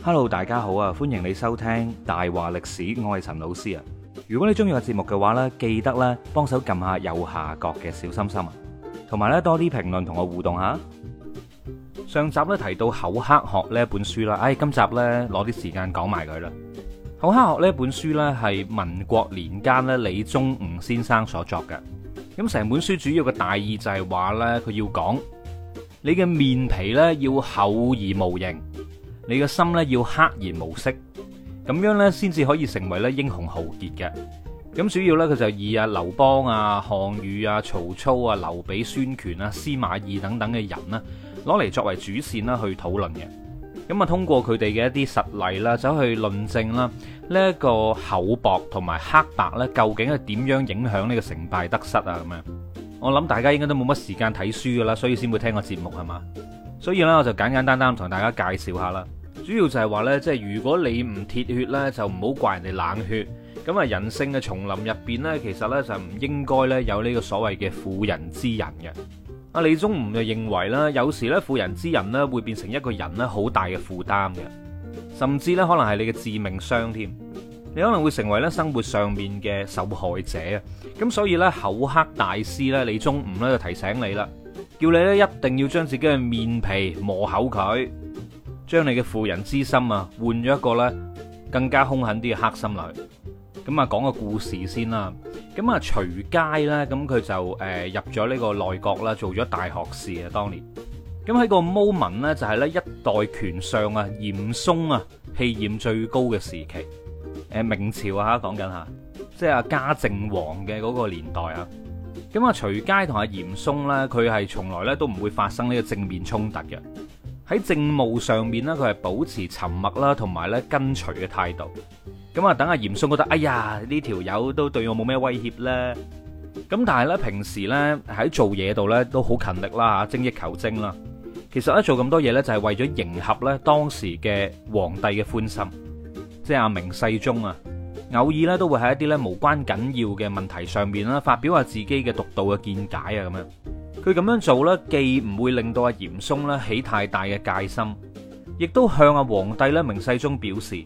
Hello，大家好啊，歡迎你收聽大話歷史，我係陳老師啊。如果你中意個節目嘅話呢，記得咧幫手撳下右下角嘅小心心啊，同埋咧多啲評論同我互動下。上集呢提到厚黑學呢一本書啦，唉、哎，今集呢攞啲時間講埋佢啦。厚黑學呢本書呢係民國年間咧李宗吾先生所作嘅。咁成本書主要嘅大意就係話呢，佢要講你嘅面皮呢要厚而無形。你嘅心咧要黑而無色，咁樣咧先至可以成為咧英雄豪傑嘅。咁主要呢，佢就以啊劉邦啊、項羽啊、曹操啊、劉備、孫權啊、司馬懿等等嘅人啦，攞嚟作為主線啦去討論嘅。咁啊，通過佢哋嘅一啲實例啦，走去論證啦呢一個厚薄同埋黑白咧，究竟係點樣影響呢個成敗得失啊？咁樣，我諗大家應該都冇乜時間睇書㗎啦，所以先會聽個節目係嘛？所以咧，我就簡簡單單同大家介紹一下啦。主要就係話呢，即係如果你唔鐵血呢，就唔好怪人哋冷血。咁啊，人性嘅叢林入邊呢，其實呢就唔應該呢有呢個所謂嘅「婦人之仁」嘅。阿李宗吾就認為呢，有時呢「婦人之仁」呢會變成一個人呢好大嘅負擔嘅，甚至呢可能係你嘅致命傷添。你可能會成為呢生活上面嘅受害者啊。咁所以呢，厚黑大師呢，李宗吾呢就提醒你啦，叫你呢一定要將自己嘅面皮磨厚佢。將你嘅婦人之心啊，換咗一個咧更加凶狠啲嘅黑心女。咁啊，講個故事先啦。咁啊，徐階咧，咁佢就誒入咗呢個內閣啦，做咗大學士啊。當年，咁喺個 moment 咧，就係咧一代權相啊，嚴嵩啊，氣焰最高嘅時期。誒，明朝啊，講緊吓，即係阿嘉靖皇嘅嗰個年代啊。咁啊，徐階同阿嚴嵩咧，佢係從來咧都唔會發生呢個正面衝突嘅。喺政務上面咧，佢係保持沉默啦，同埋咧跟隨嘅態度。咁啊，等阿嚴嵩覺得，哎呀，呢條友都對我冇咩威脅咧。咁但係咧，平時咧喺做嘢度咧都好勤力啦吓，精益求精啦。其實咧做咁多嘢咧，就係為咗迎合咧當時嘅皇帝嘅歡心。即係阿明世宗啊，偶爾咧都會喺一啲咧無關緊要嘅問題上面啦，發表下自己嘅獨到嘅見解啊咁樣。佢咁樣做咧，既唔會令到阿嚴嵩咧起太大嘅戒心，亦都向阿皇帝咧明世宗表示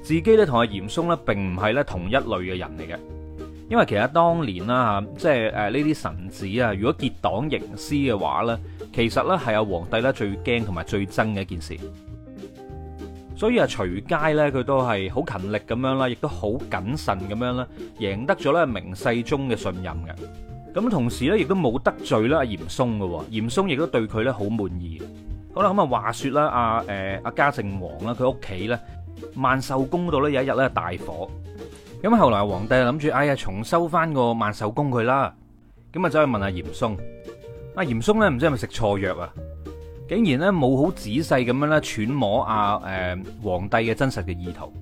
自己咧同阿嚴嵩咧並唔係咧同一類嘅人嚟嘅。因為其實當年啦吓，即係誒呢啲臣子啊，如果結黨營私嘅話咧，其實咧係阿皇帝咧最驚同埋最憎嘅一件事。所以啊，徐階咧佢都係好勤力咁樣啦，亦都好謹慎咁樣啦，贏得咗咧明世宗嘅信任嘅。咁同時咧，亦都冇得罪啦，嚴嵩嘅喎，嚴嵩亦都對佢咧好滿意。好啦，咁啊話說啦，阿誒阿嘉靖王啦，佢屋企咧萬壽宮度咧有一日咧大火。咁後來皇帝諗住，哎呀，重修翻個萬壽宮佢啦。咁啊走去問阿嚴嵩，阿、啊、嚴嵩咧唔知係咪食錯藥啊？竟然咧冇好仔細咁樣咧揣摩阿、啊啊、皇帝嘅真實嘅意圖。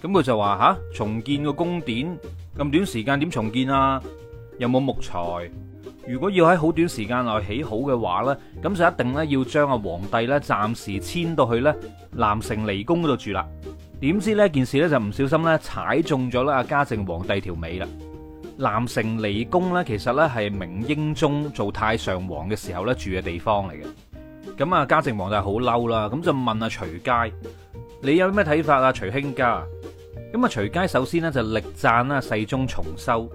咁佢就話嚇、啊，重建個宮殿咁短時間點重建啊？有冇木材？如果要喺好短時間內起好嘅話呢，咁就一定呢要將阿皇帝呢暫時遷到去呢南城離宮嗰度住啦。點知呢件事呢就唔小心呢踩中咗咧阿嘉靖皇帝條尾啦。南城離宮呢其實呢係明英宗做太上皇嘅時候呢住嘅地方嚟嘅。咁啊嘉靖皇帝好嬲啦，咁就問阿徐階：「你有咩睇法啊？徐卿家。咁啊徐階首先呢就力贊啦世宗重修。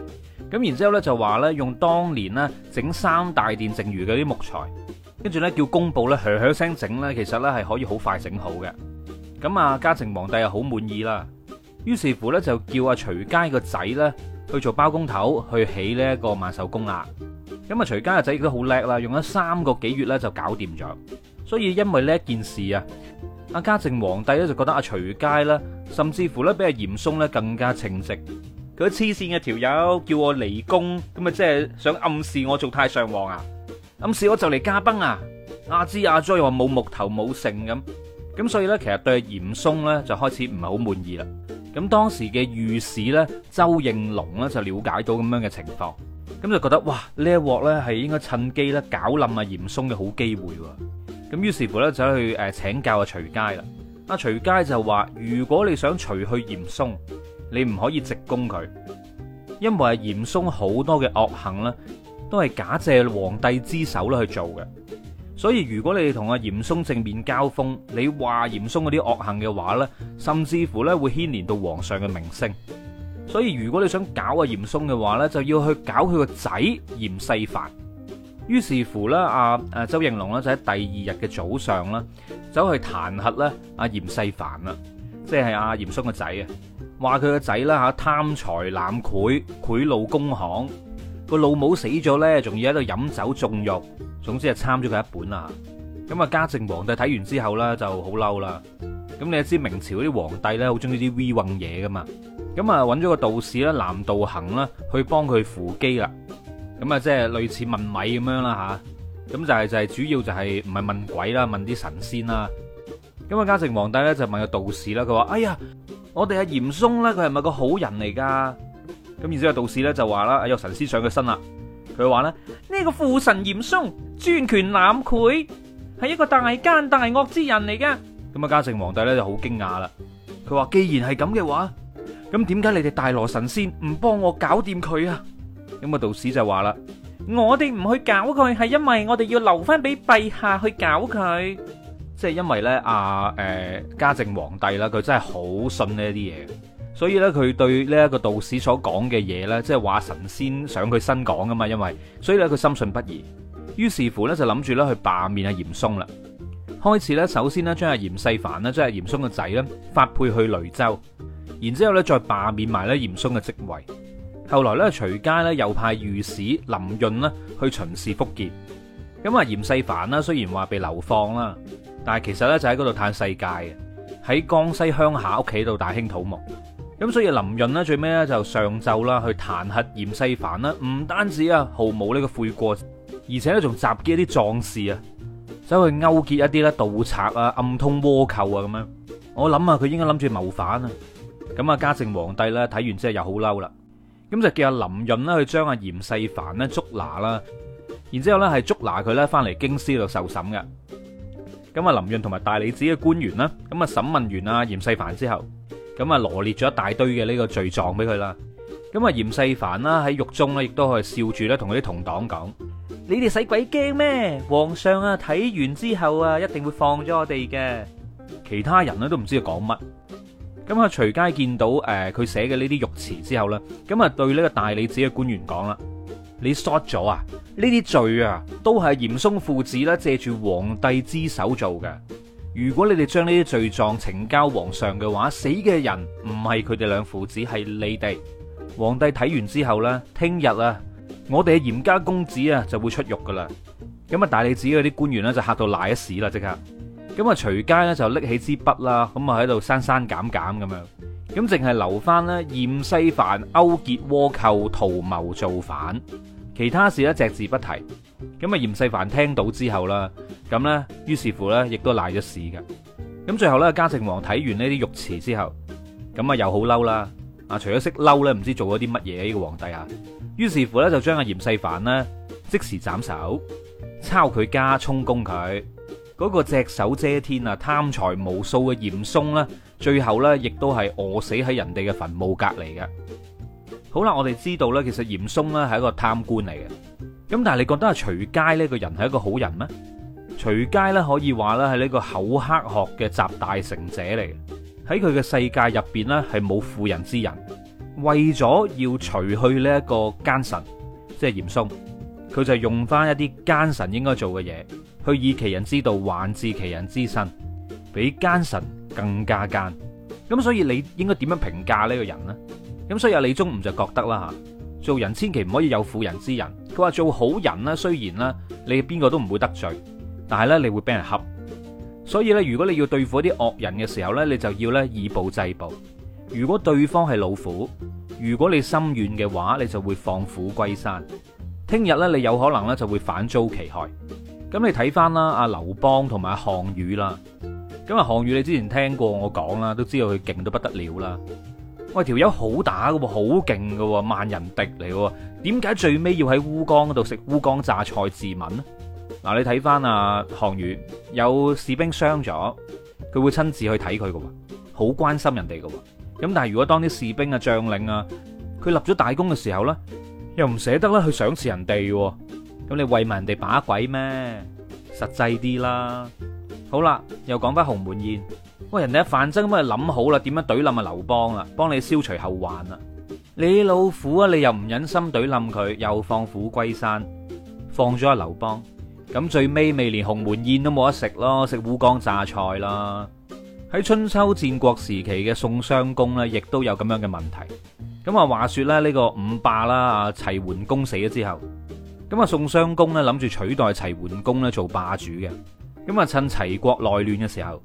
咁然之後咧就話咧用當年咧整三大殿剩餘嘅啲木材，跟住咧叫工部咧噏噏聲整咧，其實咧係可以好快整好嘅。咁啊，嘉靖皇帝就好滿意啦，於是乎咧就叫阿徐階個仔咧去做包工頭去起呢一個萬壽宮啦。咁啊，徐階個仔亦都好叻啦，用咗三個幾月咧就搞掂咗。所以因為呢一件事啊，阿嘉靖皇帝咧就覺得阿徐階啦，甚至乎咧比阿嚴嵩咧更加稱職。佢黐線嘅條友叫我離宮，咁啊即係想暗示我做太上皇啊，暗示我就嚟駕崩啊！阿芝阿追又話冇木頭冇性咁，咁所以咧其實對嚴嵩咧就開始唔係好滿意啦。咁當時嘅御史咧周應龍咧就了解到咁樣嘅情況，咁就覺得哇呢一鑊咧係應該趁機咧搞冧阿嚴嵩嘅好機會喎。咁於是乎咧就去誒請教阿徐階啦。阿徐階就話，如果你想除去嚴嵩。你唔可以直攻佢，因為嚴嵩好多嘅惡行咧都係假借皇帝之手咧去做嘅。所以如果你同阿嚴嵩正面交鋒，你話嚴嵩嗰啲惡行嘅話咧，甚至乎咧會牽連到皇上嘅名聲。所以如果你想搞阿嚴嵩嘅話咧，就要去搞佢個仔嚴世蕃。於是乎咧，周應龍咧就喺第二日嘅早上啦走去彈劾咧阿嚴世蕃，啦，即係阿嚴嵩個仔啊。話佢個仔啦吓，貪財攬賄賄賂公行，個老母死咗咧，仲要喺度飲酒縱慾，總之係參咗佢一本啦。咁啊，嘉靖皇帝睇完之後咧就好嬲啦。咁你知明朝嗰啲皇帝咧好中意啲歪混嘢噶嘛？咁啊，搵咗個道士啦，南道行啦，去幫佢扶乩啦。咁啊，即係類似問米咁樣啦吓。咁就係就係主要就係唔係問鬼啦，問啲神仙啦。咁啊，嘉靖皇帝咧就問個道士啦，佢話哎呀。我哋阿嚴嵩咧，佢係咪個好人嚟？噶？咁然之後道士咧就話啦：，有神仙上佢身啦。佢話咧，呢個父神嚴嵩專權攬賄，係一個大奸大惡之人嚟嘅。咁啊，嘉靖皇帝咧就好驚訝啦。佢話既然係咁嘅話，咁點解你哋大羅神仙唔幫我搞掂佢？啊？咁啊，道士就話啦：，我哋唔去搞佢，係因為我哋要留翻俾陛下去搞佢。即係因為咧，阿誒嘉靖皇帝啦，佢真係好信呢一啲嘢，所以咧佢對呢一個道士所講嘅嘢咧，即係話神仙想佢新講噶嘛。因為所以咧，佢深信不疑，於是乎咧就諗住咧去罷免阿嚴嵩啦。開始咧，首先呢將阿嚴世凡呢，即係阿嚴嵩嘅仔咧，發配去雷州，然之後咧再罷免埋咧嚴嵩嘅職位。後來咧，徐階咧又派御史林潤呢，去巡視福建。咁阿嚴世凡呢，雖然話被流放啦。但係其實咧就喺嗰度嘆世界嘅，喺江西鄉下屋企度大興土木，咁所以林潤呢，最尾咧就上晝啦去彈劾嚴世蕃啦，唔單止啊毫無呢個悔過，而且咧仲襲擊一啲壯士啊，走去勾結一啲咧盜賊啊、暗通倭寇啊咁樣。我諗啊，佢應該諗住謀反啊。咁啊，嘉靖皇帝咧睇完之後又好嬲啦，咁就叫阿林潤呢，去將阿嚴世蕃咧捉拿啦，然之後咧係捉拿佢咧翻嚟京師度受審嘅。咁啊，林潤同埋大理寺嘅官員啦，咁啊審問完啊嚴世蕃之後，咁啊羅列咗一大堆嘅呢個罪狀俾佢啦。咁啊嚴世蕃啦喺獄中咧，亦都可以笑住咧同佢啲同黨講：，你哋使鬼驚咩？皇上啊睇完之後啊，一定會放咗我哋嘅。其他人咧都唔知佢講乜。咁啊，徐階見到誒佢寫嘅呢啲獄詞之後咧，咁啊對呢個大理寺嘅官員講啦。你 short 咗啊！呢啲罪啊，都係嚴嵩父子啦，借住皇帝之手做嘅。如果你哋將呢啲罪狀呈交皇上嘅話，死嘅人唔係佢哋兩父子，係你哋。皇帝睇完之後咧，聽日啊，我哋嘅嚴家公子啊就會出獄噶啦。咁啊，大理寺嗰啲官員咧就吓到瀨一屎啦，即刻。咁啊，徐階咧就拎起支筆啦，咁啊喺度刪刪減減咁樣，咁淨係留翻咧嚴世蕃勾結倭寇圖謀造反，其他事咧只字不提。咁啊，嚴世蕃聽到之後啦，咁咧，於是乎咧亦都賴咗屎嘅。咁最後咧，嘉靖王睇完呢啲獄詞之後，咁啊又好嬲啦，啊除咗識嬲咧，唔知做咗啲乜嘢呢個皇帝啊？於是乎咧，就將阿嚴世蕃咧即時斬首，抄佢家充公佢。嗰、那個隻手遮天啊，貪財無數嘅嚴嵩咧，最後咧亦都係餓死喺人哋嘅墳墓隔籬嘅。好啦，我哋知道咧，其實嚴嵩咧係一個貪官嚟嘅。咁但係你覺得啊，徐階呢個人係一個好人咩？徐階咧可以話咧係呢個厚黑學嘅集大成者嚟，喺佢嘅世界入邊咧係冇婦人之人，為咗要除去呢一個奸臣，即係嚴嵩。佢就用翻一啲奸臣應該做嘅嘢，去以其人之道還治其人之身，比奸臣更加奸。咁所以你應該點樣評價呢個人呢？咁所以阿李宗吾就覺得啦吓，做人千祈唔可以有婦人之仁。佢話做好人咧，雖然呢，你邊個都唔會得罪，但係呢，你會俾人恰。所以呢，如果你要對付啲惡人嘅時候呢，你就要呢以暴制暴。如果對方係老虎，如果你心軟嘅話，你就會放虎歸山。聽日咧，你有可能咧就會反遭其害。咁你睇翻啦，阿劉邦同埋阿項羽啦。咁阿項羽你之前聽過我講啦，都知道佢勁到不得了啦。喂，條友好打噶，好勁噶，萬人敵嚟噶。點解最尾要喺烏江嗰度食烏江榨菜自刎咧？嗱，你睇翻阿項羽，有士兵傷咗，佢會親自去睇佢噶，好關心人哋噶。咁但係如果當啲士兵啊、將領啊，佢立咗大功嘅時候咧？又唔捨得啦，去賞賜人哋，咁你喂埋人哋把鬼咩？實際啲啦。好啦，又講翻鴻門宴。喂，人哋范增咁啊諗好啦，點樣懟冧啊劉邦啦，幫你消除後患啦。你老虎啊，你又唔忍心懟冧佢，又放虎歸山，放咗阿劉邦。咁最尾未連鴻門宴都冇得食咯，食烏江榨菜啦。喺春秋戰國時期嘅宋襄公呢，亦都有咁樣嘅問題。咁啊，話説咧，呢個五霸啦，啊齊桓公死咗之後，咁啊宋襄公呢諗住取代齊桓公咧做霸主嘅。咁啊，趁齊國內亂嘅時候，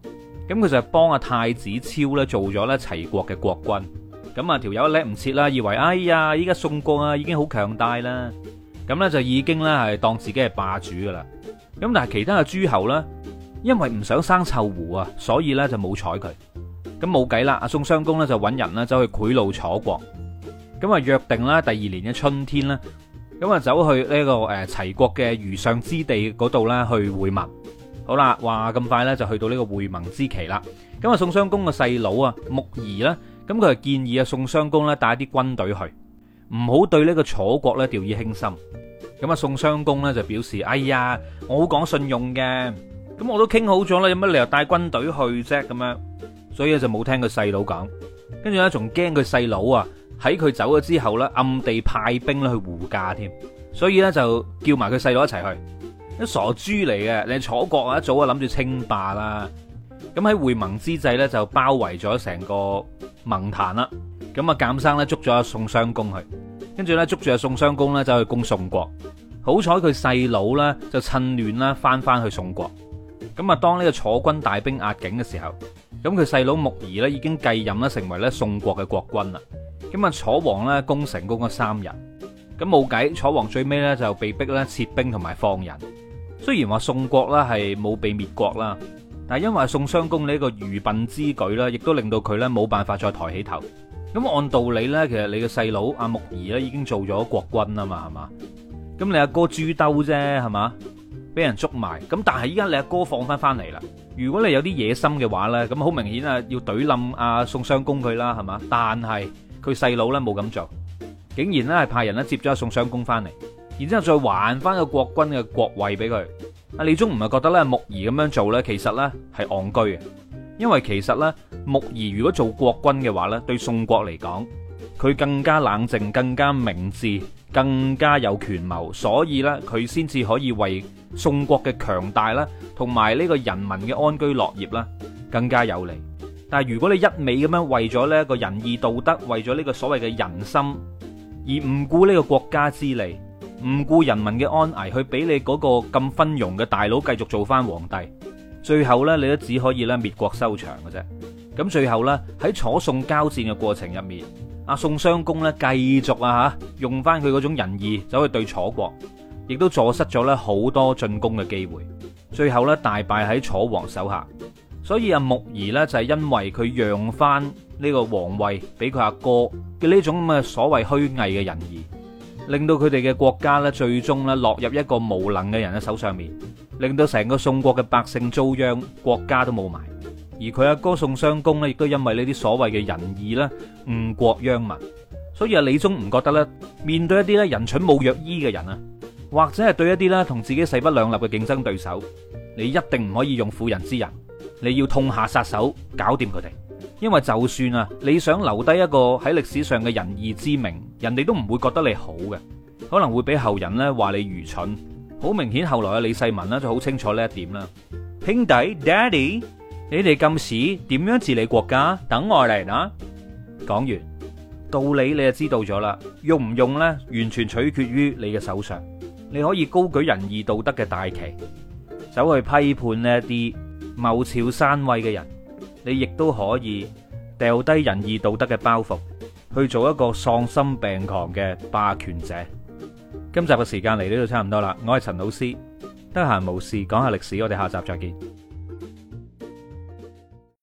咁佢就幫阿太子超咧做咗咧齊國嘅國君。咁啊條友叻唔切啦，以為哎呀，依家宋國啊已經好強大啦，咁呢就已經呢係當自己係霸主噶啦。咁但係其他嘅諸侯呢，因為唔想生臭狐啊，所以呢就冇睬佢。咁冇計啦，阿宋襄公呢就揾人呢走去賄賂楚國。咁啊，約定啦，第二年嘅春天啦，咁啊，走去呢個誒齊國嘅豫上之地嗰度啦，去會盟。好啦，話咁快咧就去到呢個會盟之期啦。咁啊，宋襄公個細佬啊木兒啦，咁佢就建議啊宋襄公啦帶啲軍隊去，唔好對呢個楚國咧掉以輕心。咁啊，宋襄公咧就表示：哎呀，我好講信用嘅，咁我都傾好咗啦，有乜理由帶軍隊去啫？咁樣，所以就冇聽佢細佬講，跟住咧仲驚佢細佬啊。喺佢走咗之後咧，暗地派兵咧去護駕添，所以咧就叫埋佢細佬一齊去。一傻豬嚟嘅，你是楚國啊，一早啊諗住稱霸啦。咁喺會盟之際咧，就包圍咗成個盟壇啦。咁啊，鑒生咧捉咗阿宋襄公去，跟住咧捉住阿宋襄公咧走去攻宋國。好彩佢細佬咧就趁亂啦翻翻去宋國。咁啊，當呢個楚軍大兵壓境嘅時候，咁佢細佬木儀咧已經繼任啦，成為咧宋國嘅國君啦。咁啊，楚王咧攻城攻咗三人，咁冇計，楚王最尾咧就被逼咧撤兵同埋放人。雖然話宋國呢，係冇被滅國啦，但係因為宋襄公呢一個愚笨之舉啦，亦都令到佢咧冇辦法再抬起頭。咁按道理咧，其實你嘅細佬阿木儀咧已經做咗國君啦嘛，係嘛？咁你阿哥豬兜啫，係嘛？俾人捉埋，咁但係依家你阿哥放翻翻嚟啦。如果你有啲野心嘅話咧，咁好明顯啊，要懟冧阿宋襄公佢啦，係嘛？但係。佢細佬呢冇咁做，竟然呢係派人咧接咗宋襄公翻嚟，然之後再還翻個國君嘅國位俾佢。阿李宗吾啊覺得咧木兒咁樣做呢，其實呢係戇居嘅，因為其實呢，木儀如果做國君嘅話呢對宋國嚟講，佢更加冷靜、更加明智、更加有權謀，所以呢，佢先至可以為宋國嘅強大啦，同埋呢個人民嘅安居樂業啦，更加有利。但係如果你一味咁樣為咗呢個仁義道德，為咗呢個所謂嘅人心，而唔顧呢個國家之利，唔顧人民嘅安危，去俾你嗰個咁昏庸嘅大佬繼續做翻皇帝，最後呢，你都只可以咧滅國收場嘅啫。咁最後呢，喺楚宋交戰嘅過程入面，阿宋襄公呢繼續啊吓用翻佢嗰種仁義走去對楚國，亦都坐失咗呢好多進攻嘅機會，最後呢，大敗喺楚王手下。所以阿木兒咧就係因為佢讓翻呢個皇位俾佢阿哥嘅呢種咁嘅所謂虛偽嘅仁義，令到佢哋嘅國家咧最終咧落入一個無能嘅人嘅手上面，令到成個宋國嘅百姓遭殃，國家都冇埋。而佢阿哥，哥宋襄公咧亦都因為呢啲所謂嘅仁義啦誤國殃民。所以阿李宗吾覺得咧面對一啲咧人蠢冇藥醫嘅人啊，或者係對一啲咧同自己勢不兩立嘅競爭對手，你一定唔可以用婦人之仁。你要痛下殺手，搞掂佢哋，因為就算啊，你想留低一個喺歷史上嘅仁義之名，人哋都唔會覺得你好嘅，可能會俾後人呢話你愚蠢。好明顯，後來嘅李世民呢就好清楚呢一點啦。兄弟，爹哋，你哋咁屎，點樣治理國家？等我嚟啦！講完道理，你就知道咗啦。用唔用呢完全取決於你嘅手上。你可以高舉仁義道德嘅大旗，走去批判呢啲。謀朝山位嘅人，你亦都可以掉低仁義道德嘅包袱，去做一個喪心病狂嘅霸權者。今集嘅時間嚟呢度差唔多啦，我係陳老師，得閒無事講下歷史，我哋下集再見。